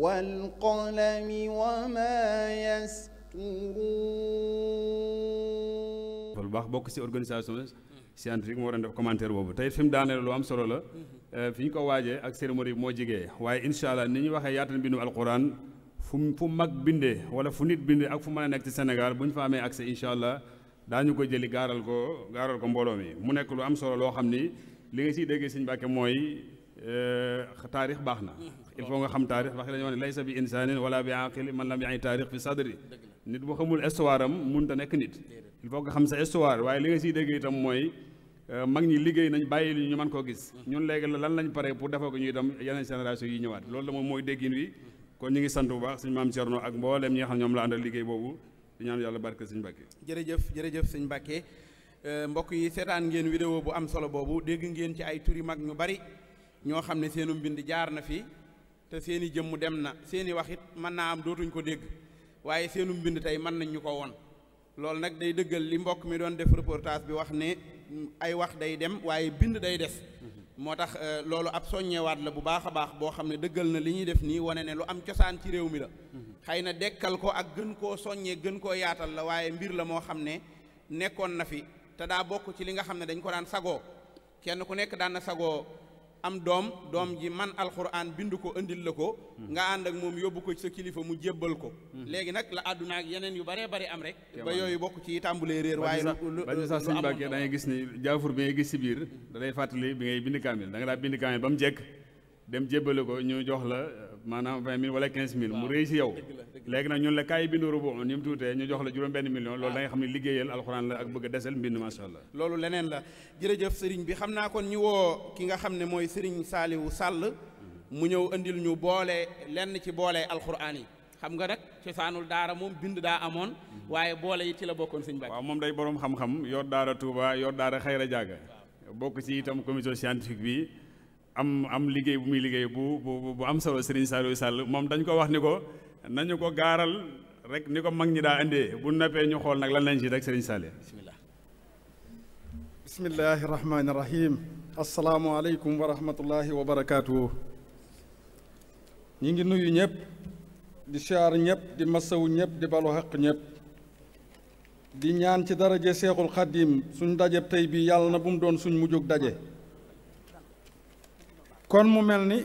والقلم وما يسطرون lu baax bokk ci organisation scientifique moo doon def commentaire boobu tey fi mu daaneel lu am solo la eh, fi ñu ko waajee ak cérémonie moo jigee waaye incha allah ni ñuy waxee yaatal mbindum alquran fu fu mag bindee wala fu nit bindee ak fu mën a nekk ci Sénégal bu ñu fa amee accès incha daa ñu ko jëli gaaral ko gaaral ko mbooloo mi mu nekk lu am solo loo xam ni li nga ciy déggee Sëñ Mbàkke mooy Euh, taarix baax na il faut nga xam taarix wax dañoo ne bi insaanin wala bi aqili man lam yaani taarix fi sadri nit bu xamul histoire am mënut nekk nit il faut nga xam sa histoire waaye li nga siy dégg itam mooy euh, mag ñi liggéey nañ bàyyi li ñu mën koo gis ñun léegi lan lañ pare pour defoo ñu itam yeneen génération yi ñëwaat loolu la moom mooy déggin wi kon ñu ngi sant bu baax suñ maam Cerno ak mbooleem ñi nga xam ñoom la àndal liggéey boobu di ñaan yàlla barke suñ Mbàkke jërëjëf jërëjëf suñ Mbàkke euh, mbokk yi seetaan ngeen vidéo am solo boobu dégg ngeen ci ay turi mag ñu bari ñoo xam ne seenu mbind jaar na fi te seeni jëmm dem na seeni wax it mën naa am dootuñ ko dégg waaye seenu mbind tey mën nañ ñu ko woon loolu nag day dëggal li mbokk mi doon def reportage bi wax ne ay wax day dem waaye bind day des mhm. moo tax euh, loolu ab soññewaat la bu baax a baax boo xam ne dëggal na li ñuy def nii wane ne lu am cosaan ci réew mi la mhm. xëy na dekkal ko ak gën koo soññee gën koo yaatal la waaye mbir la moo xam ne nekkoon na fi te daa bokk ci li nga xam ne dañ ko daan sagoo kenn ku nekk daan sagoo am doom doom ji man alxuraan bind ko indil la ko hmm. nga ànd ak moom yóbbu ko ci sa kilifa mu jébbal ko hmm. léegi nag la àdduna ak yeneen yu baree bari am rek ba yooyu bokk ci tàmbulee réer waaye bañu sax suñu bàggee da ngay gis ni jaafur bi ngay si biir da fàttali bi ngay bind kaamil da nga daa bind kaamil ba mu jekk dem jébbale ko ñu jox la maanaam vingt wala quinze mille mu réy si yow léegi nag ñun la kaay bindu rubu ni mu tuutee ñu jox la juróom benn million loolu da xam ne liggéeyal alxuraan la ak bëgg a desal mbind macha allah loolu leneen la jërëjëf sëriñ bi xam naa kon ñu woo ki nga xam ne mooy sëriñ saaliwu sàll mhm. mu ñëw indil ñu boole lenn ci boole alxuraan yi xam nga nag cosaanul daara moom bind daa amoon mhm. waaye boole yi ci la bokkoon sëñ Mbàkke waaw moom day boroom xam-xam yor daara Touba yor daara xayra jaaga bokk ci itam commission scientifique bi am am liggéey bu muy liggéey bu bu bu am solo Serigne Saliou Sall moom dañ ko wax ni ko nañu ko gaaral rek ni ko mag ñi daa indee bu nappee ñu xool nag lan lañ ci rek Serigne Saliou bismillah bismillahi rahmaani rahim asalaamu aleykum wa rahmatullahi ñi ngi nuyu ñëpp di siyaar ñëpp di masawu ñëpp di balu xaq ñëpp di ñaan ci daraje seexul xaddim suñ daje tey bii yàlla na bu mu doon suñ mujjug daje kon mu mel ni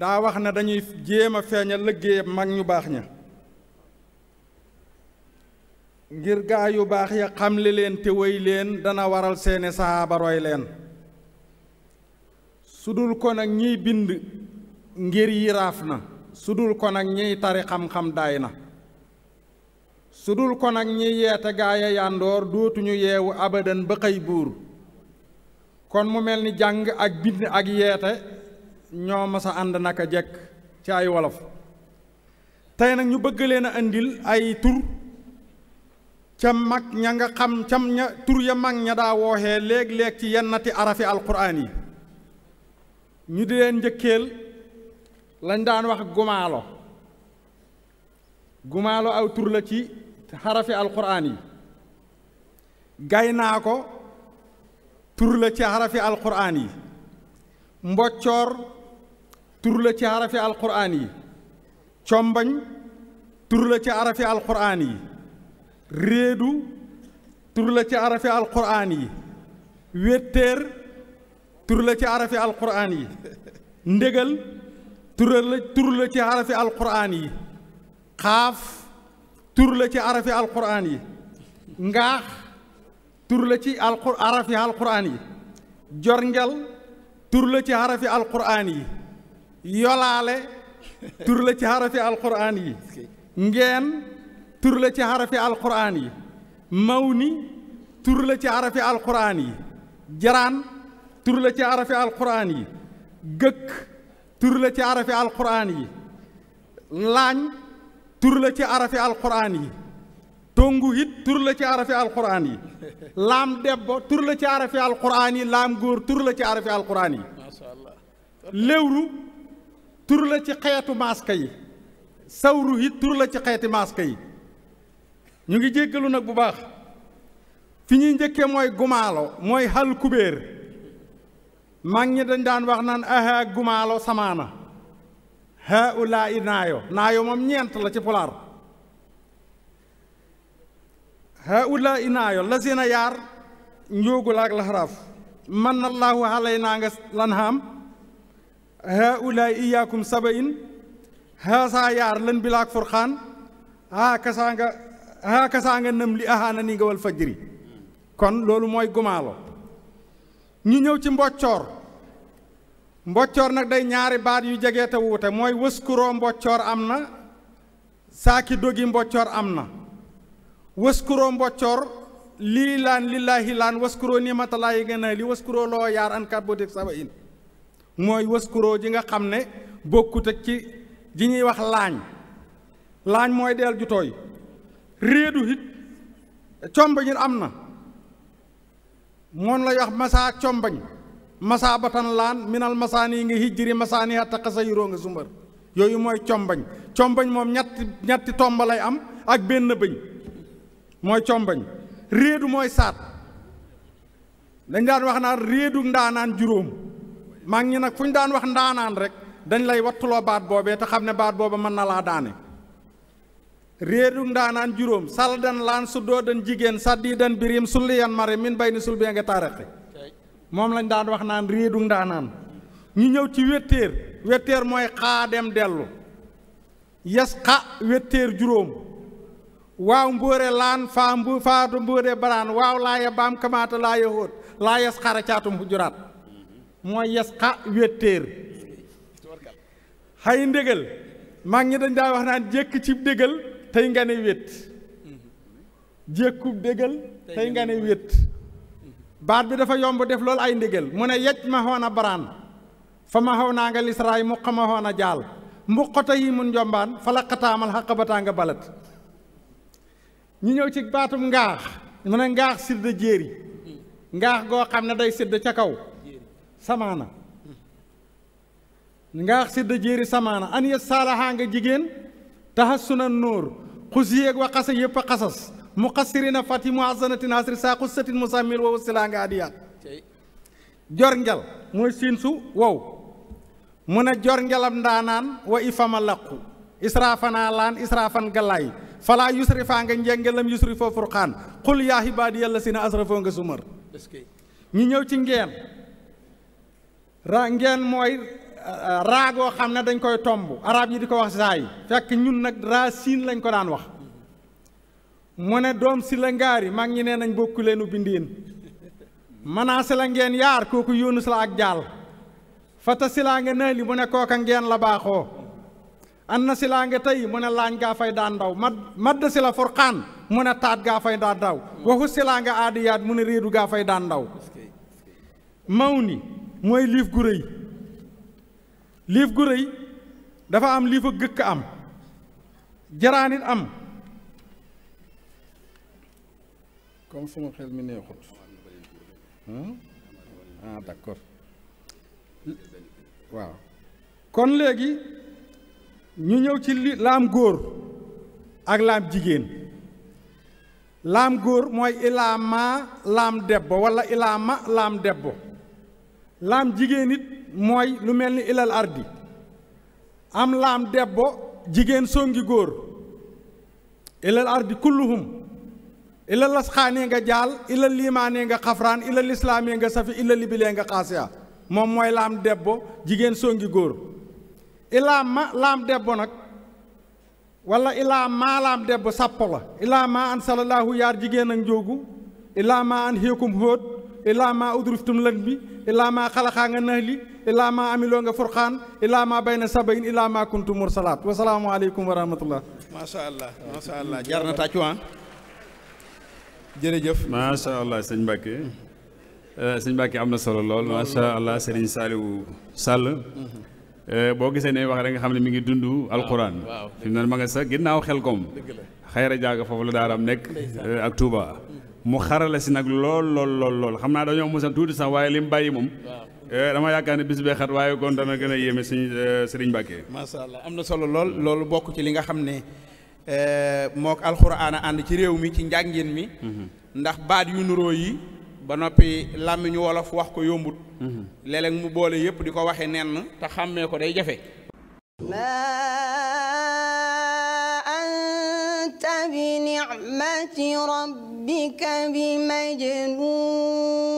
daa wax ne dañuy jéem a feeñal liggéeyam mag ñu baax ña ngir gaa yu baax ya xamle leen te wéy leen dana waral seeni saaba leen su dul ko nag ñiy bind ngir yiraaf na su dul ko nag ñiy tari xam-xam daay na su dul ko nag ñiy yeete gaaya yàndoor dootuñu yeewu abadan ba xëy buur kon mu mel ni jàng ak bind ak yeete ñoo mas a ànd naka jekk ci ay wolof tey nag ñu bëgg leena indil ay tur ca mag ña nga xam cam ña tur ya mag ña daa wooxee léeg-léeg ci yennati arafi alquraan yi ñu di leen njëkkeel lañ daan wax gumaalo gumaalo aw tur la ci xarafi alquraan yi gay naa ko tur ci xarafi alquraan yi mboccoor turla ci xarafi alquraan yi combañ turla ci xarafi alquraan yi réedu turla la ci xarafi alquraan yi wéttéer tur la ci xarafi alquraan yi ndégal tur la tur la ci xarafi alquraan yi xaaf tur la ci xarafi alquraan yi ngaax tur la ci alqur arafi alquraan yi jorngel tur la ci arafi alquraan yi yolaale tur la ci arafi alquraan yi ngeen tur la ci arafi alquraan yi mawni tur la ci arafi alquraan yi jaraan tur la ci arafi alquraan yi gëkk tur la ci arafi alquraan yi laañ tur la ci arafi alquraan yi tongu it tur la ci arafi alquran yi laam debbo tur la ci arafi alquran yi laam góor tur la ci arafi alquran yi léwru tur la ci xeetu maaska yi sawru it tur la ci xeeti maaska yi ñu ngi jéggalu nag bu baax fi ñuy njëkkee mooy gumaalo mooy xal kubéer mag ñi dañ daan wax naan aha gumaalo samaana haula i naayo naayo moom ñeent la ci pulaar haula inaayo lasina yaar njoogulaak laxaraaf man allahu halay naa nga lan haam haula iyaakum saba in haasaa yaar lan bilaak furxaan haa kasaa nga haa kasaa nga nëm li ahaana ni nga wal fajri kon loolu mooy gumaalo ñu ñëw ci mboccoor mboccoor nag day ñaari baat yu jege te wuute mooy wëskuroo mboccoor am na saaki dogi mboccoor am na waskuroo mboccoor lii laan lillaahi laan waskuroo nimatalaayi gën a li waskuroo loo yaar an karbotik saba in mooy waskuroo ji nga xam ne bokkut ci ji ñuy wax laañ laañ mooy deel ju tooy réedu hit combañin am na moon lay wax masaa combañ masaa batan laan minal masaani yi nga hijjiri masaani hatta sa yuroo nga sumbar yooyu mooy combañ combañ moom ñetti ñetti tomba lay am ak benn bëñ mooy combañ réedu mooy saat dañ daan wax naan réedu ndaanaan juróom maa ngi nag fu ñu daan wax ndaanaan rek dañ lay wattuloo baat boobee te xam ne baat booba mën na laa daane réedu ndaanaan juróom sal dan laan su doo dan jigéen sàddi dan birim sulli yan min bay ni sul bee nga taarixi moom lañ daan wax naan réedu ndaanaan ñu ñëw ci wetteer wetteer mooy xaa dem dellu yes xa wetteer juróom waaw mboore laan faa mbu faatu mboore baraan waaw laaya baam kamaata laaya hóot laa yes xara caatum juraat mooy yes xa wéttéer xay ndégal mag ñi dañ daa wax naan jékk ci dégal tey nga ne wét jékkub dégal tey nga ne wét baat bi dafa yomb def lool ay ndégal mu ne yej ma xoon baraan fa ma xaw naa nga lisraay muq ma xoon a jaal mbuqata yi mun njombaan fa la xataamal xaqabataa nga balat ñu ñëw ci baatum ngaax mu ne ngaax sidda jéeri ngaax goo xam ne day sidda ca kaw samaana ngaax sidda jéeri samaana an saalaxaa nga jigéen taxas sunan nóor xusiyéeg wa xasa yépp a xasas mu xasirina fati mu asanatin asri saa xussatin musammil wa wasilaa nga adiyaat jor ngel mooy siin su wow mu ne jor ngelam ndaanaan wa ifama laqu israafanaa laan israafan galaay falaa yusrifaa nga njenge lam yusrifoo furqaan qul yaa ibaadi yàlla si na asrafoo nga sumar ñu ñëw ci ngeen ra ngeen mooy uh, raagoo xam ne dañ koy tomb araab yi di ko wax saa yi fekk ñun nag racine lañ ko daan wax mu ne doom si la ngaari mag ñi nee nañ bokku leenu bindiin manaa si la ngeen yaar kooku yónus la ak jaal fata silaa nga naali mu ne kooka ngeen la baaxoo an na si laa nga tey mu ne laañ gaa fay daan ndaw mad madd si la furqaan mu ne taat gaa fay daan ndaw waxu si laa nga aadiyaat mu ne réedu gaa fay daan ndaw maw ni mooy liif gu rëy liif gu rëy dafa am liifa gëkk am jaraanit am hmm? ah, kon léegi ñu ñëw ci laam góor ak laam jigéen laam góor mooy ilaama laam debbo wala ilaama laam debbo laam jigéen it mooy lu mel ni ilal ardi am laam debbo jigéen songi góor ilal ardi kulluhum ilal lasxaanee nga jaal ilal liimaanee nga xafraan ilal islaamee nga safi ilal libilee nga xaasiya moom mooy laam debbo jigéen ngi góor ilaa ma laam debbo nag wala ilaa maa laam debbo sappo la ilaa maa an salallahu yaar jigéen ak njoogu ilaa maa an xéekum xóot ilaa maa udruftum lën bi ilaa maa xalaxaa nga nax ilaa maa amiloo nga furxaan ilaa maa bay sabayin ilaa maa kuntu mursalaat wasalaamu aleykum wa rahmatullah macha allah macha allah jar na tàccu ah jërëjëf macha allah sëñ Mbàkke eh, sëñ Mbàkke am na solo lool macha allah sëriñ Saaliwu Sàll mm-hmm. Eh, boo gisee ne wax rek xam ne mu ngi dund al fi mu ne ma nga sa ginnaaw xel koom xayra jaaga foofu la daaraam nekk eh, ak Touba mu xarala si nag lool lool lool lool xam naa dañoo mos a tuuti sax waaye li mu moom eh, dama yaakaar ne bis bee xat waaye kon dana gën a yéeme suñ Serigne Mbacke macha allah am na solo lool loolu bokk ci li nga xam ne mook alquran a ànd ci réew mi ci njàngin mi mm-hmm. ndax baat yu nuroo yi ba noppi làmmiñu wolof wax ko yombut mm-hmm. léeg-léeg mu boole yépp di ko waxe nenn te xàmmee ko day jafe maa anta bi ni'mati rabbika bi majnun